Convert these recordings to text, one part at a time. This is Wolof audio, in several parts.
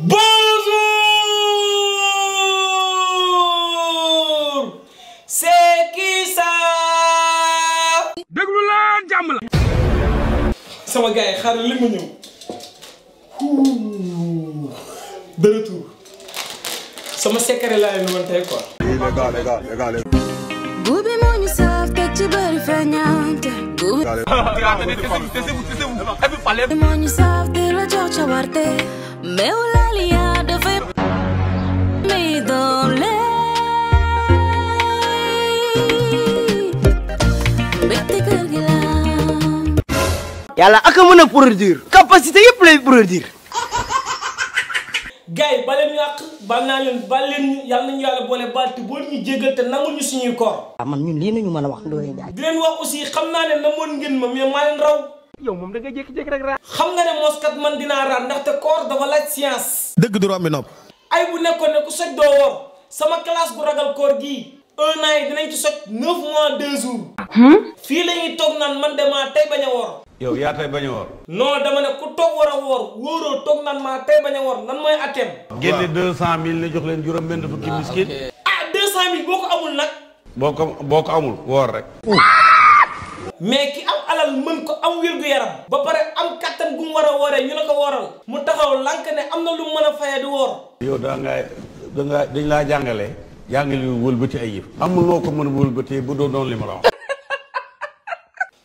bonjour c'est qui ça. déglu leen jàmm la. sama gars yi xaar li mu ñëw de retour sama secret laa leen woon tey quoi. buubi moo ñu saaf teg ci bëri feeñante. buubi moo ñu saaf di la jox ca warte meew la yalla ak a mën produire capacité yëpp lay produire. gay balen ba leen yàq baal naa leen baal leen yàlla nañu yàlla ñu jéggal té nangul ñu suñuy koor. waaw man ñun li ñu mëna wax Ndoye jaay di len wax aussi xam len na moon ngeen ma mais ma len raw. yow mom da nga jék jék rek raar. xam nga ne moskat man dina ra ndax té koor dafa laaj science. dëgg du romb nop ay bu nekkone ku sëj do wor sama classe bu ragal koor gi un an yi dinañ ci soj neuf mois deux jours. Hmm? fii la ñuy toog a woor. boo ko amul nag. boo ko amul woor rek. mais ki am alal mën ko am wér gu yaram ba pare am kattan gu mu war a wooree ñu la ko wooral mu taxaw lank ne am na lu mu mën a fayee di woor. yow da ngaa dañ laa jàngalee. yaa ngi lu wëlbati ay yëf amul noo ko mën a bu doo doon li ma la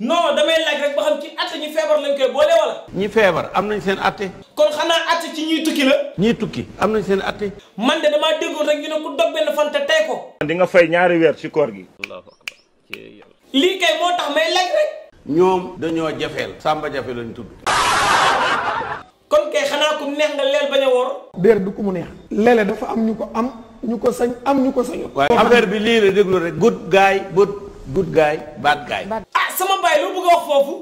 damay laaj rek ba xam ci atte ñi feebar lañ koy boole wala. ñi feebar am nañ seen atte. kon xanaa atte ci ñuy tukki la. ñiy tukki am nañ seen atte. man de damaa déggoon rek ñu ne ku dog benn fan tey ko. di nga ñaari weer ci koor gi. lii kay moo tax may laaj rek. ñoom dañoo jafeel. Samba jafe lañ tudd. kon kay xanaa ku neex nga leel bañ a woor. déer du ko mu neex. léeg am ñu am. ñu ko sañ am ñu ko sañu waaye affaire bi lii la déglu rek good guy good good guy bad guy ah sama baay lu bëgg a wax foofu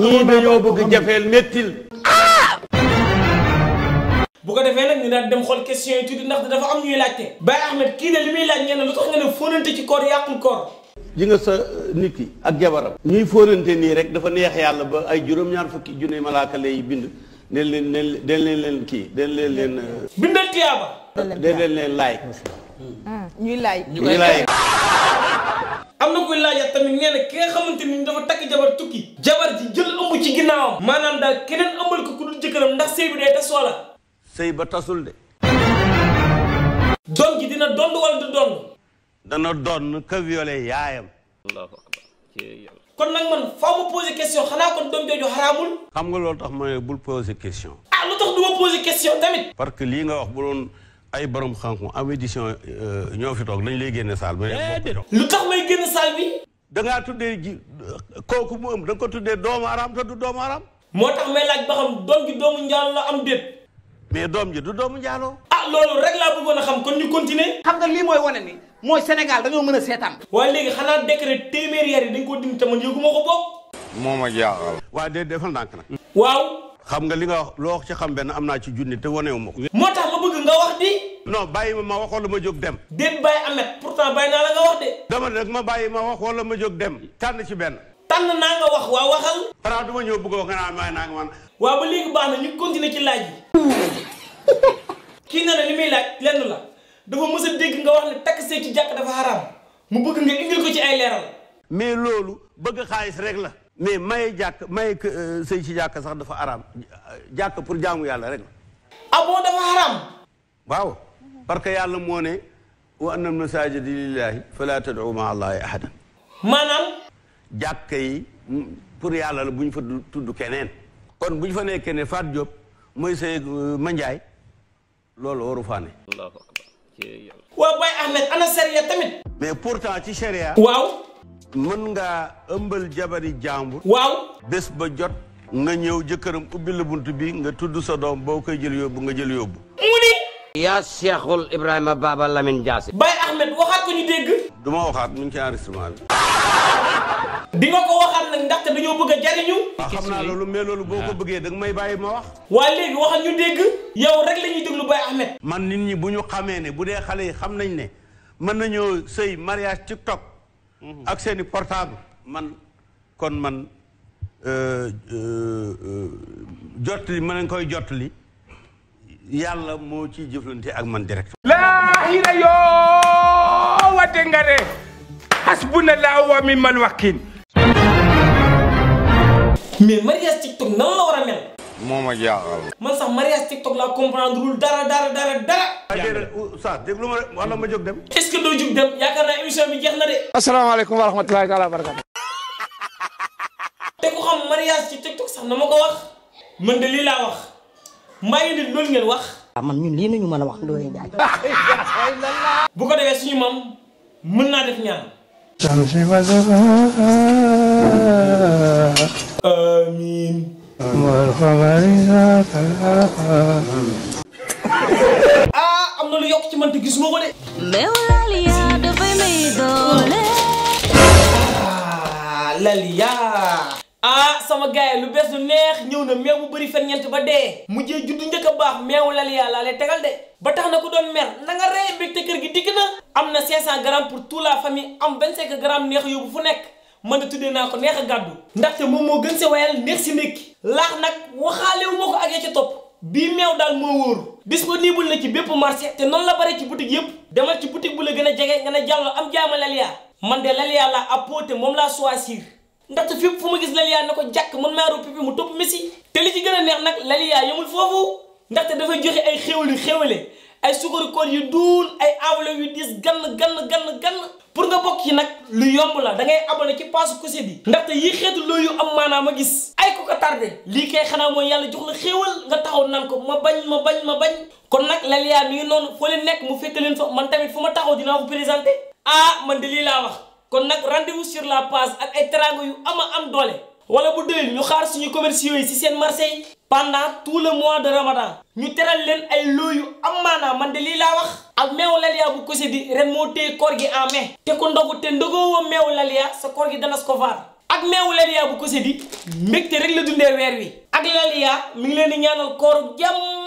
ñii dañoo bëgg jafeel méttil ah! bu ko defee nag ñu daan dem xool question yi tuuti ndax dafa am ñuy laajte Baye Ahmed kii ne li muy laaj ñenn lu tax nga ne fóonante ci koor yàqul koor ji nga sa euh, nit ki ak jabaram ñuy fóonante nii rek dafa neex yàlla ba ay juróom-ñaar fukki junne malaaka lay bind den leen leen den leen leen kii den leen leen euh, bindal tiyaaba da leen leen like am na koy laajaat tamit nee ki nga xamante ni dafa takk jabar tukki jabar ji jël ëmb ci ginnaawam maanaam daal keneen ëmbal ko ku dul jëkkëram ndax sëy bi day tas wala sëy ba tasul de don gi dina dond wala du dond dana donn ka yaayam kon nag man faaw ma poser question xanaa kon doom jooju xaraamul xam nga loolu tax ma ne bul poser question ah lu tax du ma question tamit parce lii nga wax bu doon ay borom xam-xam am édition euh, ñoo fi toog dañ lay génne saal ba. lu tax may génne saal bi. da tuddee ji kooku mu ëmb da ko tuddee doomu aram te du doomu aram. moo tax may laaj ba xam doom ji doomu njaalo la am déet. mais doom ji du doomu njaalo. ah loolu rek laa bëggoon a xam kon ñu continuer. xam nga lii mooy wane ni mooy Sénégal dañoo mën a seetaan. waaye léegi xanaa décret téeméeri yar yi dañ koo dindi te man yëguma ko bokk. moo ma jaaxal. waaye déedéet defal ndànk nag. waaw. xam nga li nga wax loo ci xam benn am naa ci junni te wane ma ko. dama bëgg nga wax di. non bàyyi ma ma wax wala ma jóg dem. déet bàyyi Ahmed pourtant bàyyi naa la nga wax de. dama nag ma bàyyi ma wax wala ma jóg dem tànn ci benn. tànn naa nga wax waa waxal. Fra ma ñëw bëgg a nga naan maa naa nga man. waaw ba léegi baax na ñu continuer ci laaj yi. kii na ne li muy laaj lenn la dafa mës dégg nga wax ne takk ko ci loolu bëgg xaalis rek la. mais maye jàkk maye euh, sëy ci jàkk sax dafa araam jàkk pour jaamu yàlla rek ah bon dafa waaw parce que yàlla moo ne wa anna masaajida lillaahi falaa tad'u ma'a allaahi ahadan maanaam jàkka yàlla la bu fa tudd keneen kon bu fa nekkee ne Faat Diop mooy say euh, manjaay loolu waru faa waaw Baye Ahmed ana sariya tamit mais pourtant ci sariya waaw mën ngaa ëmbal jabari jàmbur waaw bés ba jot nga ñew jëkkëram ubbi le buntu bi nga tudd sa doom bokay jël yóbbu nga jël yóbbu muni ya Cheikhul Ibrahima Baba Lamine jassi bay Ahmed waxat ko ñu dégg duma waxat waxaat mu ngi ci arrestement bi di nga ko waxal nak ndax te dañu bëgg a jariñu ah, xam naa loolu mais loolu boo ko may bàyyi ma wax wa léegi waxal ñu dégg yow rek lañuy ñuy déglu bay Ahmed man nit ñi buñu xamé né bu dé xalé yi xam nañ né man nañu sey mariage TikTok ak seeni portable man kon man Euh, euh, jottali ma leen koy jottali yàlla moo ciy jëflante ak man direct laa ila yoo wadde nga de hasbunallahu wa ni'mal wakiil mais mariage TikTok nan la war a moo ma jaaxal man sax mariage TikTok laa comprendre lul dara dem est-ce que doo jóg bi jeex na de asalaamaaleykum wa rahmatullahi taala wa barakatu xam mariage ci TikTok sax na ma ko wax man de lii laa wax mbaa ngi di loolu ngeen wax. Ah, man ñun lii nañu mën a wax Ndoye Ndiaye. bu ko defee suñu mam mën naa def ñaan. amiin. ah am na lu yokk ci man te gisuma ko de. Laliya. ah sama gaay lu bees lu neex ñëw na meew mu bëri fen ñeent ba dee mujjee juddu njëkk a baax meewu Laliya laa lay tegal de ba tax na ko doon mer na nga rey mbégte kër gi dikk na am na 500 grammes pour toute la famille am 25 grammes neex yóbbu fu nekk mën a tuddee naa ko neex a gàddu ndaxte moom moo gën sa wayal neex si ki laax nag waxaale wu ma ko ak ya ca topp bii meew daal moo wóoru disponible na ci bépp marché te noonu la bare ci boutique yépp demal ci boutique bu a jege nga ne jàllo am jaama de Laliya laa apporté moom laa choisir ndaxte fépp fu ma gis Laliya na ko jàkk mën naa rob pipi mu topp Messi te li ci gën a neex nag Laliya yemul foofu ndaxte dafay joxe ay xéwal yu xéwale ay sukkaru koor yu duun ay enveloppe yu diis gann gann gan gann pour nga bokk yi nag lu yomb la da ngay abonné ci paasu Kossy bi ndaxte yii xeetu loolu yu am maanaa ma gis ay ko ko tardé lii kay xanaa mooy yàlla jox la xéewal nga taxaw naan ko ma bañ ma bañ ma bañ kon nag Laliya mi ngi noonu foo leen nekk mu fekk leen fa man tamit fu ma taxaw dinaa ko présenté ah lii laa wax kon nag rendez-vous sur la page ak ay teraanga yu ama am doole wala bu doyul ñu xaar suñu commerciaux yi ci seen marché yi tout le mois de ramadan ñu teral leen ay loo yu am maanaam man de lii laa wax ak meewu laliya bu kose di ren moo téye koor gi en mai te ko ndogu te ndogoo meewu laliya sa koor gi dana ko vaar ak meewu laliya bu kose di mbégte rek la dundee weer wi ak laliya mi ngi leen ñaanal kooru jàmm